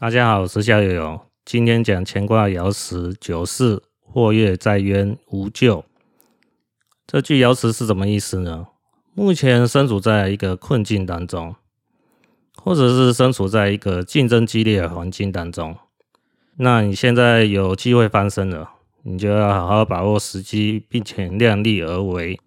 大家好，我是夏游游，今天講乾卦爻辭九四，或躍在淵，無咎。這句爻辭是什麼意思呢？目前身處在一個困境當中，或者是身處在一個競爭激烈的環境當中，那你現在有機會翻身了，你就要好好把握時機，並且量力而為。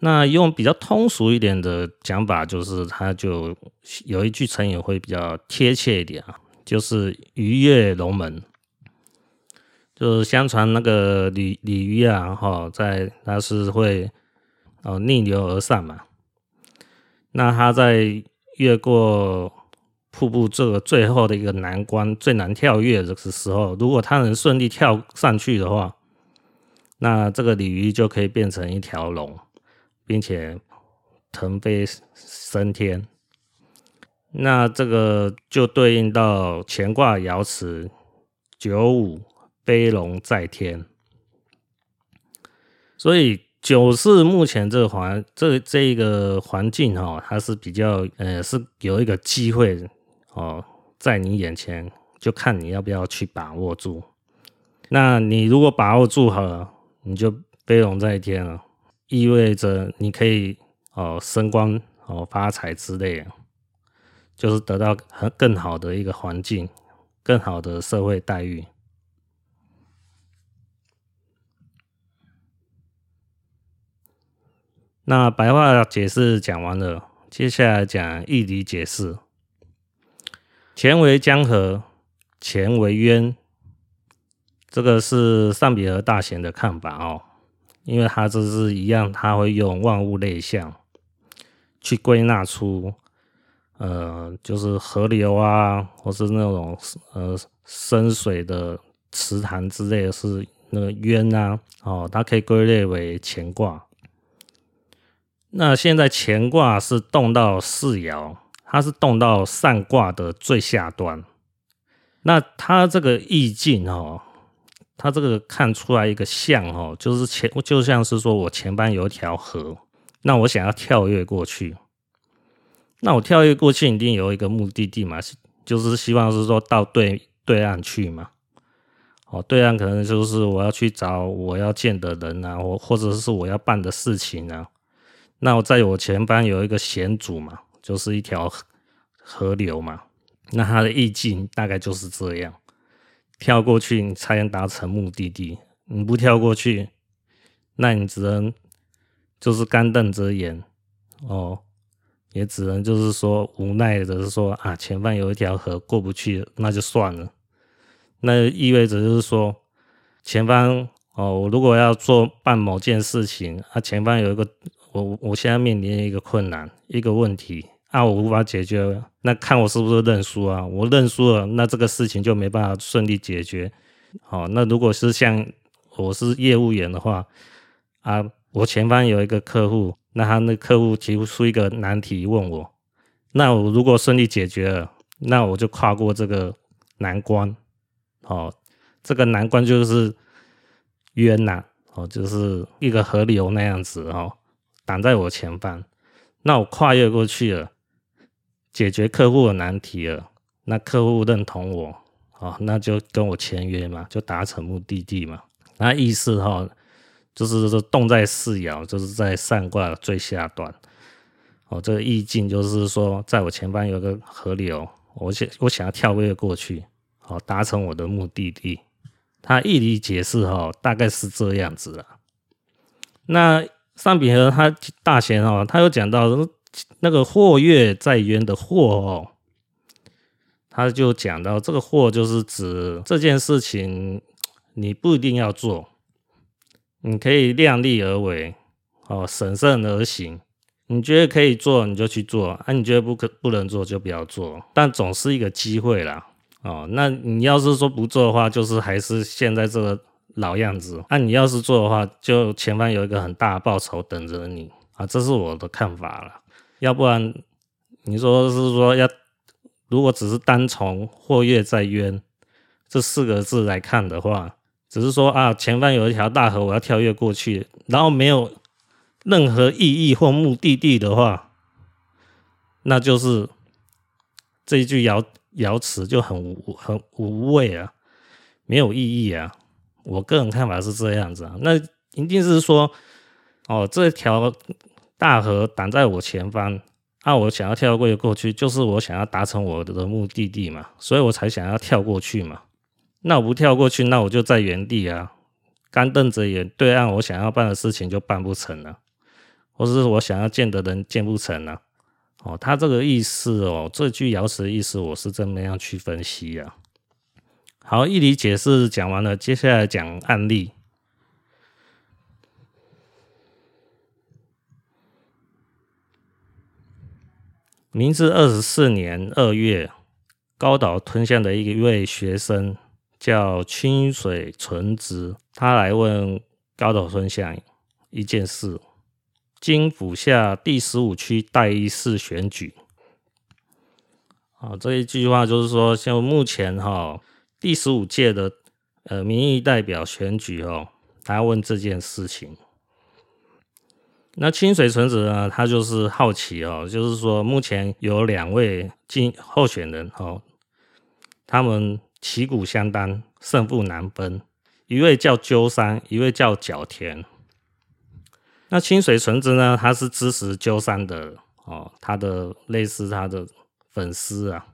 那用比較通俗一點的講法，就是它就有一句成語會比較貼切一點啊。就是魚躍龍門，就是相傳那個鯉鯉魚啊，哈，在它是會呃逆流而上嘛。那它在越過瀑布這個最後的一個難關，最難跳躍的時時候，如果它能順利跳上去的話，那這個鯉魚就可以變成一條龍，並且騰飛升天。那這個就對應到乾卦爻辭九五飛龍在天，所以九四目前這個環這這一個環境哈、哦，它是比較呃是有一個機會哦，在你眼前，就看你要不要去把握住。那你如果把握住好了，你就飛龍在天了，意味着你可以哦升官哦發財之類的。就是得到很更好的一個環境，更好的社會待遇。那白話解釋講完了，接下來講，義理解釋。乾為江河，乾為淵，這個是尚秉和大賢的看法哦，因為他這是一樣，他會用萬物類象去歸納出。呃，就是河流啊，或是那種呃深水的池塘之類的是那個淵啊，哦，它可以歸類為乾卦。那現在乾卦是動到四爻，它是動到上卦的最下端。那它這個意境哦，它這個看出來一個象哦，就是前就像是說，我前方有一條河，那我想要跳躍過去。那我跳躍過去，一定有一個目的地嘛。就是希望是說到對對岸去嘛。哦，對岸可能就是我要去找我要見的人啊，或或者是我要辦的事情啊。那我在我前方有一個險阻嘛，就是一條河流嘛。那它的意境大概就是這樣：跳過去，你才能達成目的地；你不跳過去，那你只能就是乾瞪着眼哦。也只能就是說無奈的是說啊，前方有一條河過不去，那就算了。那意味着就是說，前方哦，我如果要做辦某件事情啊，前方有一個我我現在面臨一個困難一個問題，啊，我無法解決，那看我是不是認輸啊？我認輸了，那這個事情就沒辦法順利解決。哦，那如果是像我是業務員的話啊，我前方有一個客戶。那他那客戶提出一個難題問我，那我如果順利解決了，那我就跨過這個難關，哦，這個難關就是淵吶、啊，哦，就是一個河流那樣子哦，擋在我前方，那我跨越過去了，解決客戶的難題了，那客戶認同我，哦，那就跟我簽約嘛，就達成目的地嘛，那意思哈。就是說，動在四爻，就是在上卦最下端。哦，這個意境就是說，在我前方有個河流，我想我想要跳躍過去，哦，達成我的目的地。他義理解釋哦，大概是這樣子了。那尚秉和他，他大賢哦，他有講到那個或躍在淵的或哦，他就講到這個或就是指這件事情，你不一定要做。你可以量力而為，哦，審慎而行。你覺得可以做，你就去做；啊，你覺得不可不能做，就不要做。但總是一個機會啦，哦，那你要是說不做的話，就是還是現在這個老樣子。啊，你要是做的話，就前方有一個很大的報酬等着你啊，這是我的看法了。要不然，你說是說要，如果只是單從“或躍在淵”這四個字來看的話。只是說啊，前方有一條大河，我要跳躍過去，然後沒有任何意義或目的地的話，那就是這一句爻辭，就很無很無味啊，沒有意義啊。我個人看法是這樣子啊，那一定是說哦，這條大河擋在我前方，那、啊、我想要跳過過去，就是我想要達成我的目的地嘛，所以我才想要跳過去嘛。那我不跳過去，那我就在原地啊，乾瞪着眼，對岸我想要辦的事情就辦不成了，或是我想要見的人見不成了。哦，他這個意思哦，這句爻辭的意思我是這麼樣去分析啊。好，義理解釋講完了，接下來講案例。明治二十四年二月，高島吞象的一位學生，叫清水純直，他來問高島村下一件事：金府下第十五區代議士選舉。啊，這一句話就是說，像目前哈、哦、第十五屆的呃民意代表選舉哦，他要問這件事情。那清水純直呢，他就是好奇哦，就是說目前有兩位進候選人哦，他們。旗鼓相當，勝負難分。一位叫鳩山，一位叫角田。那清水純直呢，他是支持鳩山的哦，他的類似他的粉絲啊，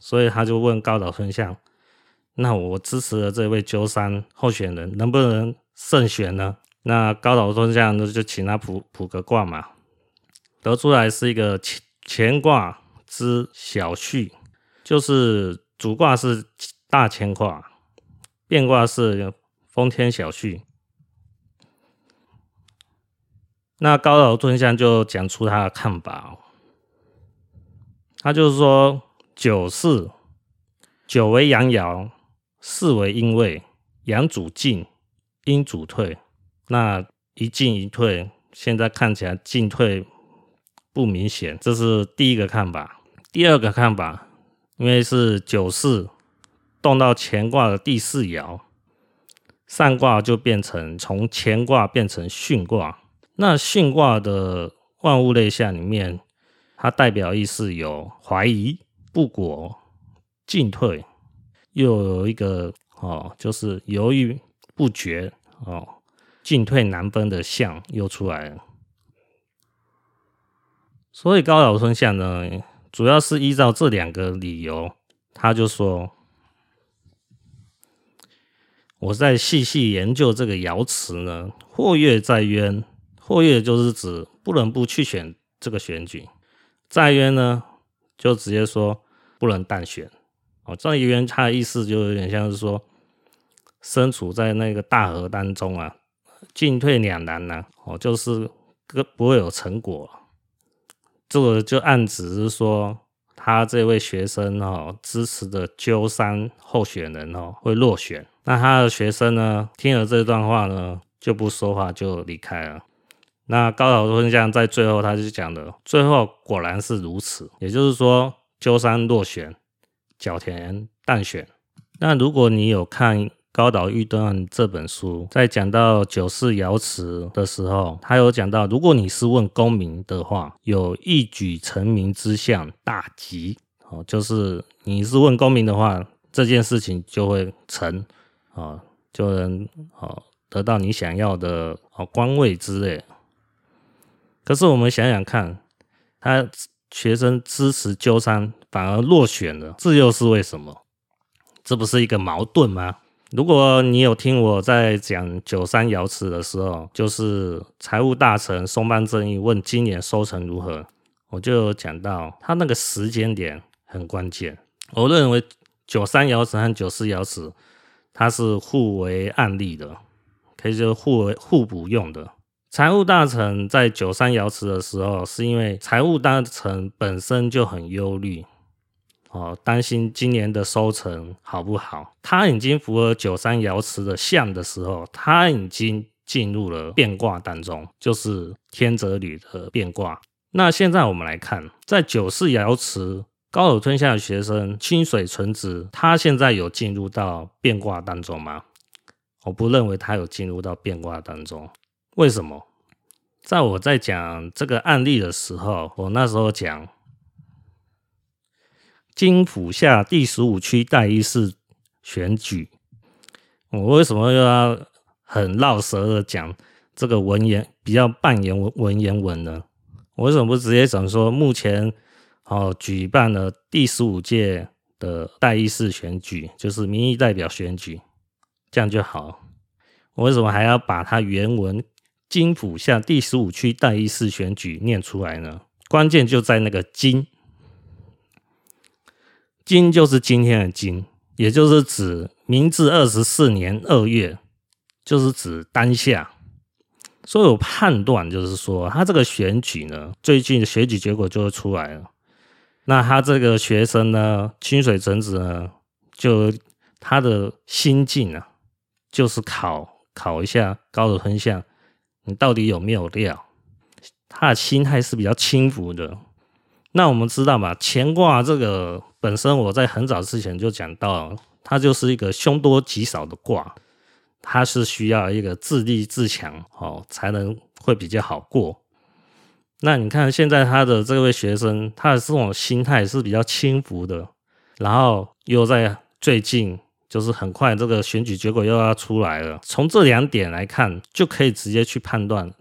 所以他就問高島春相：“那我支持的這位鳩山候選人，能不能勝選呢？”那高島春相那就請他卜卜個卦嘛，得出來是一個乾乾卦之小畜，就是主卦是。大乾卦變卦是風天小畜。那高島吞象就講出他的看法哦。他就是說九四，九為陽爻，四為陰位，陽主進，陰主退。那一進一退，現在看起來進退不明顯，這是第一個看法。第二個看法，因為是九四。動到乾卦的第四爻，上卦就變成從乾卦變成巽卦。那巽卦的萬物類象裡面，它代表的意思有懷疑、不果、進退，又有一個哦，就是猶豫不決哦，進退難分的象又出來了。所以高島先生呢，主要是依照這兩個理由，他就說。我在細細研究這個爻辭呢。或躍在淵，或躍就是指不能不去選這個選舉，在淵呢就直接說不能當選。哦，這一淵它的意思就有點像是說，身處在那個大河當中啊，進退兩難呢、啊。哦，就是不不會有成果。這個就暗指是說。他這位學生哦，支持的鳩山候選人哦會落選，那他的學生呢聽了這段話呢就不說話就離開了。那高島春江在最後他就講了最後果然是如此，也就是說鳩山落選，角田當選。那如果你有看，高島易斷這本書在講到九四爻辭的時候，他有講到，如果你是問功名的話，有一舉成名之相，大吉。哦，就是你是問功名的話，這件事情就會成，啊、哦，就能啊、哦、得到你想要的啊官、哦、位之類。可是我們想想看，他學生支持鳩山反而落選了，這又是為什麼？這不是一個矛盾嗎？如果你有聽我在講九三爻辭的時候，就是財務大臣松方正義問今年收成如何，我就有講到他那個時間點很關鍵。我認為九三爻辭和九四爻辭，它是互為案例的，可以就互為互補用的。財務大臣在九三爻辭的時候，是因為財務大臣本身就很憂慮。哦，擔心今年的收成好不好？他已經符合九三爻辭的象的時候，他已經進入了變卦當中，就是天澤履的變卦。那現在我們來看，在九四爻辭，高島易斷的學生，清水純直他現在有進入到變卦當中嗎？我不認為他有進入到變卦當中。為什麼？在我在講這個案例的時候，我那時候講。金浦下第十五區代議士選舉，我為什麼要很繞舌的講這個文言比較半言文文言文呢？我為什麼不直接講說目前哦舉辦了第十五屆的代議士選舉，就是民意代表選舉，這樣就好？我為什麼還要把它原文金浦下第十五區代議士選舉念出來呢？關鍵就在那個金。今就是今天的今，也就是指明治二十四年二月，就是指當下。所以我判斷就是說，他這個選舉呢，最近的選舉結果就會出來了。那他這個學生呢，清水純直呢，就他的心境啊，就是考考一下高的分項，你到底有沒有料？他的心態是比較輕浮的。那我們知道嘛，乾卦這個本身，我在很早之前就講到，它，就是一個凶多吉少的卦，它是需要一個自立自強哦，才能會比較好過。那你看現在他的這位學生，他的這種心態是比較輕浮的，然後又在最近就是很快這個選舉結果又要出來了，從這兩點來看，就可以直接去判斷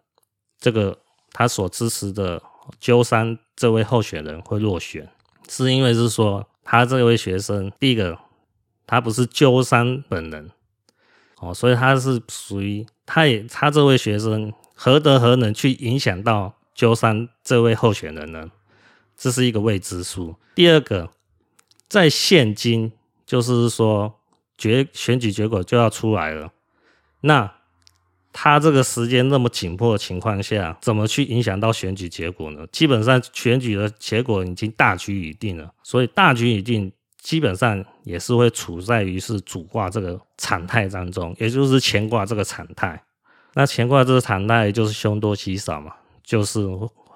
這個他所支持的。鳩山這位候選人會落選，是因為是說他這位學生，第一個，他不是鳩山本人，哦，所以他是屬於，他也他這位學生何德何能去影響到鳩山這位候選人呢？這是一個未知數。第二個，在現今就是說決選舉結果就要出來了，那。他這個時間那麼緊迫的情況下，怎麼去影響到選舉結果呢？基本上選舉的結果已經大局已定了，所以大局已定，基本上也是會處在於是主卦這個常態當中，也就是乾卦這個常態。那乾卦這個常態就是凶多吉少嘛，就是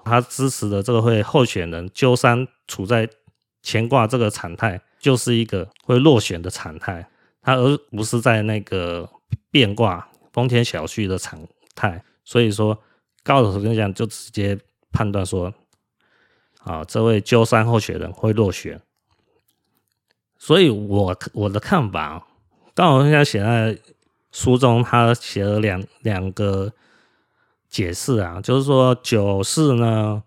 他支持的這個會候選人鳩山處在乾卦這個常態，就是一個會落選的常態，他而不是在那個變卦，風天小畜的常態，所以說高老師跟你講就直接判斷說，啊，這位鳩山候選人會落選。所以我，我我的看法，啊，剛好現在寫在書中他，他寫了兩兩個解釋啊，就是說九四呢，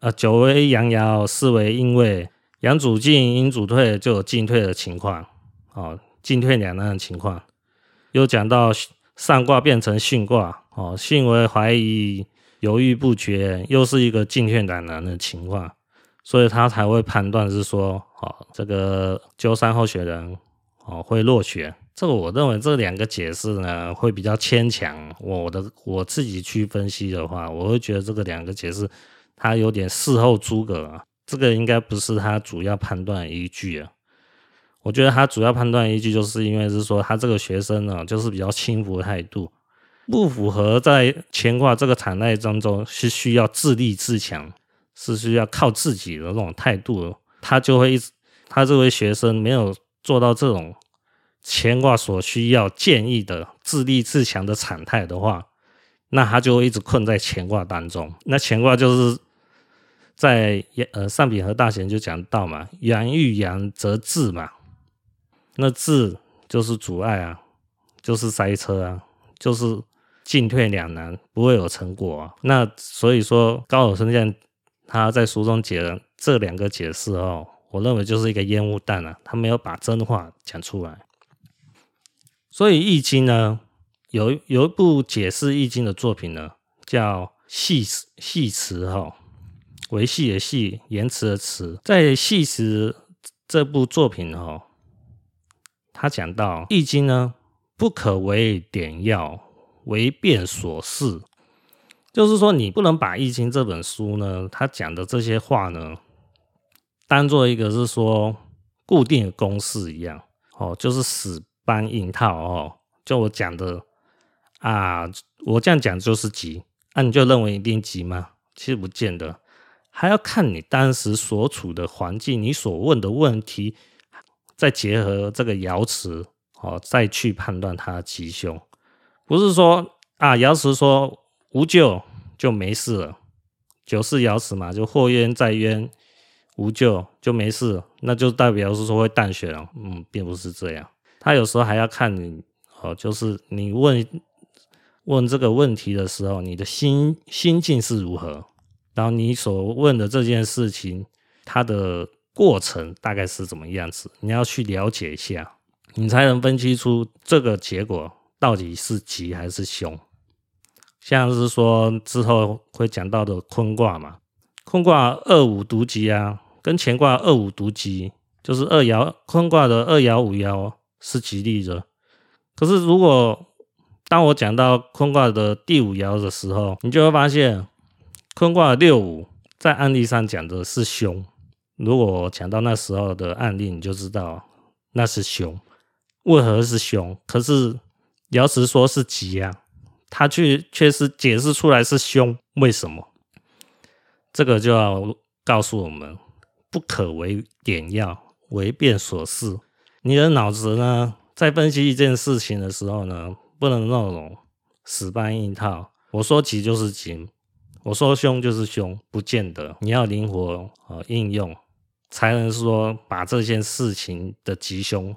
呃，九為陽爻，四為陰位，陽主進，陰主退，就有進退的情況，啊，進退兩難的情況。又講到。上卦變成巽卦，哦，巽為懷疑、猶豫不決，又是一個進退兩難的情況，所以他才會判斷是說，哦，這個周三候選人哦會落選。這個我認為這兩個解釋呢會比較牽強。我的我自己去分析的話，我會覺得這個兩個解釋他有點事後諸葛啊，這個應該不是他主要判斷依據啊。我覺得他主要判斷依據就是因為是說他這個學生呢、啊，就是比較輕浮的態度，不符合在乾卦這個常態當中，中是需要自立自強，是需要靠自己的那種態度。他就會一直，他這位學生沒有做到這種乾卦所需要建議的自立自強的常態的話，那他就會一直困在乾卦當中。那乾卦就是在呃上品和大賢就講到嘛，陽遇陽則治嘛。那字就是阻礙啊，就是塞車啊，就是進退兩難，不會有成果啊。那所以說，高爾森這樣他在書中解了這兩個解釋哦，我認為就是一個煙霧彈啊，他沒有把真話講出來。所以《易經》呢，有有一部解釋《易經》的作品呢，叫《繫辭繫辭》哈，維繫的「繫，言辭的「辭，在《繫辭》這部作品哦。他講到《易經》呢，不可為典要，為變所適，就是說你不能把《易經》這本書呢，他講的這些話呢，當做一個是說固定的公式一樣哦，就是死搬硬套哦。就我講的啊，我這樣講就是吉。啊，你就認為一定吉嗎？其實不見得，還要看你當時所處的環境，你所問的問題。再結合這個爻辭哦，再去判斷它的吉凶，不是說啊，爻辭說無咎就沒事了，九四爻辭嘛，就或躍在淵，無咎就沒事了，那就代表是說會淡血了，嗯，並不是這樣，他有時候還要看你哦，就是你問問這個問題的時候，你的心心境是如何，然後你所問的這件事情，它的。過程大概是怎麼樣子？你要去了解一下，你才能分析出這個結果到底是吉還是凶。像是說之後會講到的坤卦嘛，坤卦二五獨吉啊，跟乾卦二五獨吉，就是二爻，坤卦的二爻五爻是吉利的。可是如果當我講到坤卦的第五爻的時候，你就會發現坤卦六五在案例上講的是凶。如果講到那時候的案例，你就知道那是凶。為何是凶？可是爻辭說是吉啊，他卻確實解釋出來是凶。為什麼？這個就要告訴我們：不可為典要，唯變所適。你的腦子呢，在分析一件事情的時候呢，不能那種死搬硬套。我說吉就是吉，我說凶就是凶，不見得。你要靈活、呃、應用。才能說把這件事情的吉凶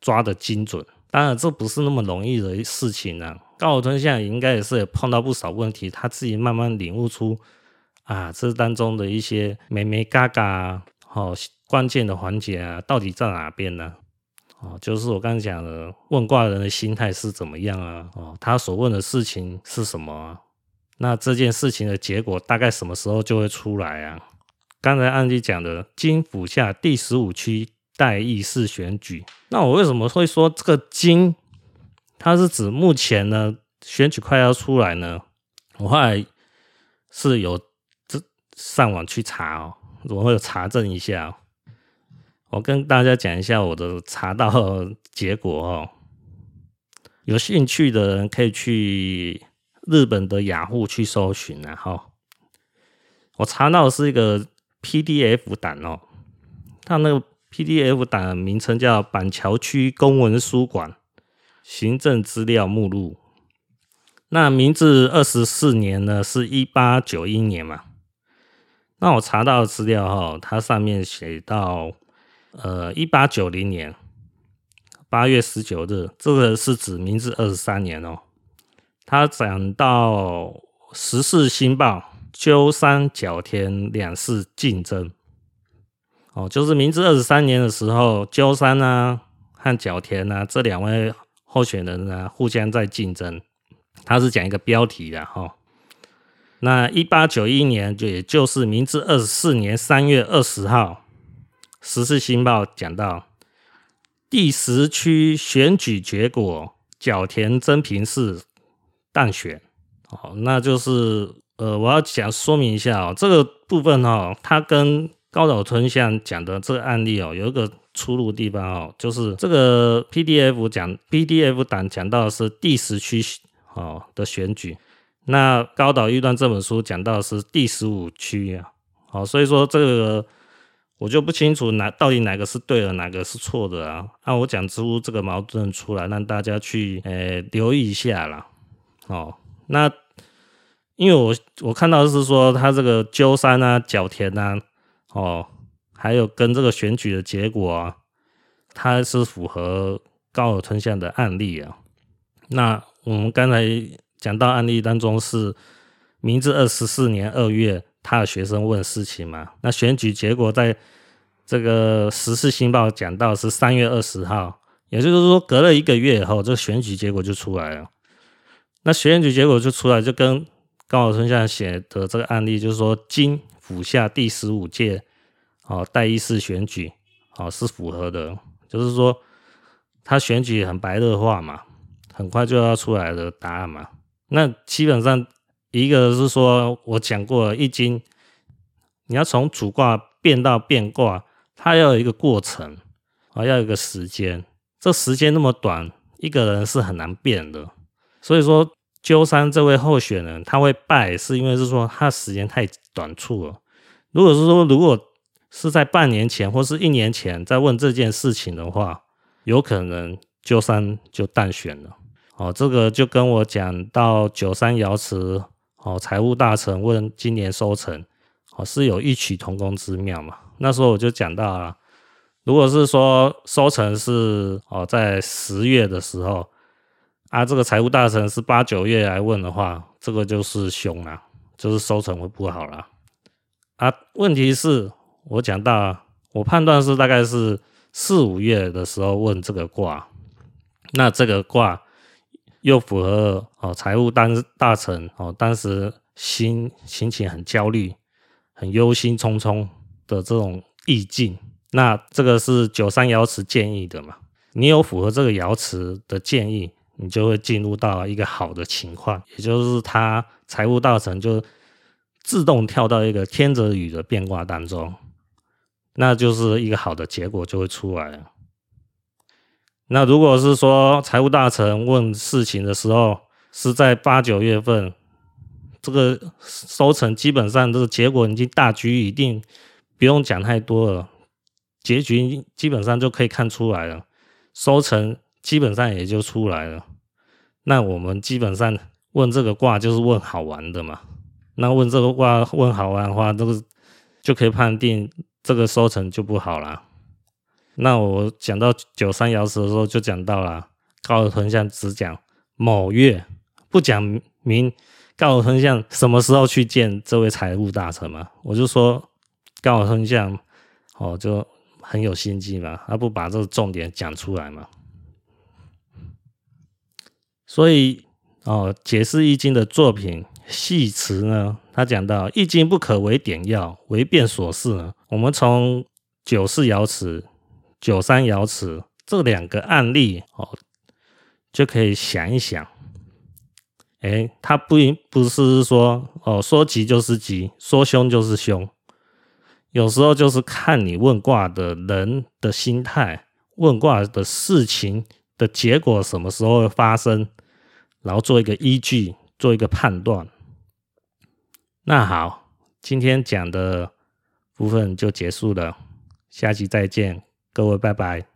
抓得精準，當然這不是那麼容易的事情啊。高爾敦現在應該也是也碰到不少問題，他自己慢慢領悟出啊，這當中的一些沒沒嘎嘎啊，哦，關鍵的環節啊，到底在哪邊呢、啊？哦，就是我剛才講的，問卦人的心態是怎麼樣啊？哦，他所問的事情是什麼、啊？那這件事情的結果大概什麼時候就會出來啊？剛才案例講的金府下第十五區代議士選舉，那我為什麼會說這個金，它是指目前呢選舉快要出來呢，我後來是有這上網去查哦，我會有查證一下哦。我跟大家講一下我的查到的結果哦，有興趣的人可以去日本的雅虎去搜尋啊，哦，然後我查到的是一個。PDF 檔哦，它那個 PDF 檔名稱叫板橋區公文書館行政資料目錄。那明治二十四年呢，是一八九一年嘛。那我查到資料哦，它上面寫到，呃，一八九零年八月十九日，這個是指明治二十三年哦。它講到《時事新報》。鳩山、角田兩氏競爭哦，就是明治二十三年的時候，鳩山呢、啊、和角田呢、啊、這兩位候選人呢、啊、互相在競爭。他是講一個標題的哈、哦。那一八九一年，就也就是明治二十四年三月二十號，《時事新報》講到第十區選舉結果，角田真平氏當選。哦，那就是。呃，我要想說明一下哦，這個部分哈、哦，它跟高島吞象講的這個案例哦，有一個出入的地方哦，就是這個 PDF 講 PDF 講 PDF 檔講到的是第十區哦的選舉，那高島易斷這本書講到的是第十五區啊，好、哦，所以說這個我就不清楚哪到底哪個是對的，哪個是錯的啊，那、啊、我講出這個矛盾出來，讓大家去呃留意一下啦，哦，那。因為我我看到的是說他這個鳩山啊、角田啊，哦，還有跟這個選舉的結果啊，它是符合高島易斷的案例啊。那我們剛才講到案例當中是明治二十四年二月，他的學生問事情嘛。那選舉結果在這個《時事新報》講到是三月二十號，也就是說隔了一個月以後，這選舉結果就出來了。那選舉結果就出來，就跟。高島易斷寫的這個案例，就是說金府下第十五屆哦，代議式選舉哦，是符合的，就是說他選舉很白熱化嘛，很快就要出來的答案嘛。那基本上一個是說，我講過了易經，你要從主卦變到變卦，它要有一個過程啊，要有一個時間。這時間那麼短，一個人是很難變的，所以說。鳩山這位候選人，他會敗，是因為是說他時間太短促了。如果是說，如果是在半年前或是一年前再問這件事情的話，有可能鳩山就當選了。哦，這個就跟我講到九三爻辭，哦，財務大臣問今年收成，哦是有異曲同工之妙嘛？那時候我就講到了、啊，如果是說收成是哦在十月的時候。啊，這個財務大臣是八九月來問的話，這個就是凶了，啊，就是收成會不好了，啊。啊，問題是，我講到我判斷是大概是四五月的時候問這個卦，那這個卦又符合哦財務當大臣哦，當時心心情很焦慮、很憂心忡忡的這種意境。那這個是九三爻辭建議的嘛？你有符合這個爻辭的建議？你就會進入到一個好的情況，也就是他財務大臣就自動跳到一個天澤履的變卦當中，那就是一個好的結果就會出來了。那如果是說財務大臣問事情的時候是在八九月份，這個收成基本上是結果已經大局已定，不用講太多了，結局基本上就可以看出來了，收成。基本上也就出來了。那我們基本上問這個卦，就是問好玩的嘛。那問這個卦問好玩的話，這是、個、就可以判定這個收成就不好啦。那我講到九三爻辭的時候就講到了，高島吞象只講某月不講明高島吞象什麼時候去見這位財務大臣嘛？我就說高島吞象哦，就很有心機嘛，他不把這個重點講出來嘛？所以，哦，解釋《易經》的作品《繫辭》呢，他講到《易經》不可為典要，唯變所適啊。我們從九四爻辭，九三爻辭這兩個案例哦，就可以想一想，哎，他不不是說哦，說吉就是吉，說凶就是凶，有時候就是看你問卦的人的心態，問卦的事情的結果什麼時候會發生。然後做一個依據，做一個判斷。那好，今天講的部分就結束了，下期再見，各位拜拜。